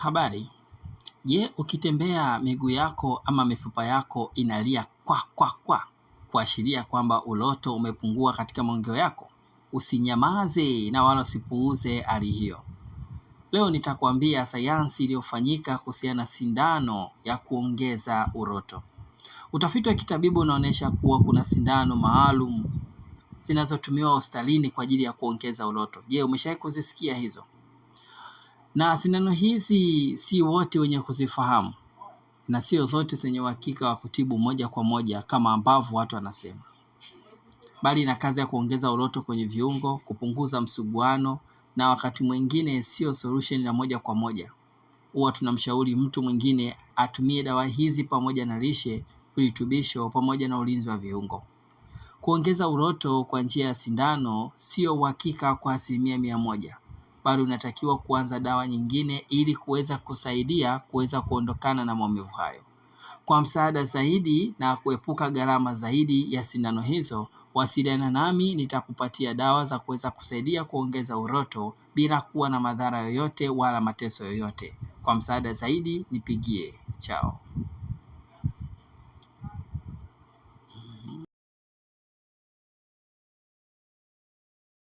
Habari. Je, ukitembea miguu yako ama mifupa yako inalia kwa kwa kwa kuashiria kwamba uloto umepungua katika maongeo yako? Usinyamaze na wala usipuuze hali hiyo. Leo nitakwambia sayansi iliyofanyika kuhusiana na sindano ya kuongeza uroto. Utafiti wa kitabibu unaonyesha kuwa kuna sindano maalum zinazotumiwa hospitalini kwa ajili ya kuongeza uroto. Je, umeshawahi kuzisikia hizo? na sindano hizi si wote wenye kuzifahamu na sio zote zenye uhakika wa kutibu moja kwa moja kama ambavyo watu wanasema, bali ina kazi ya kuongeza uloto kwenye viungo, kupunguza msuguano, na wakati mwingine sio solution ya moja kwa moja. Huwa tunamshauri mtu mwingine atumie dawa hizi pamoja na lishe, virutubisho pamoja na ulinzi wa viungo. Kuongeza uloto kwa njia ya sindano sio uhakika kwa asilimia mia moja, bado unatakiwa kuanza dawa nyingine ili kuweza kusaidia kuweza kuondokana na maumivu hayo. Kwa msaada zaidi na kuepuka gharama zaidi ya sindano hizo, wasiliana nami, nitakupatia dawa za kuweza kusaidia kuongeza uroto bila kuwa na madhara yoyote wala mateso yoyote. Kwa msaada zaidi nipigie. Chao.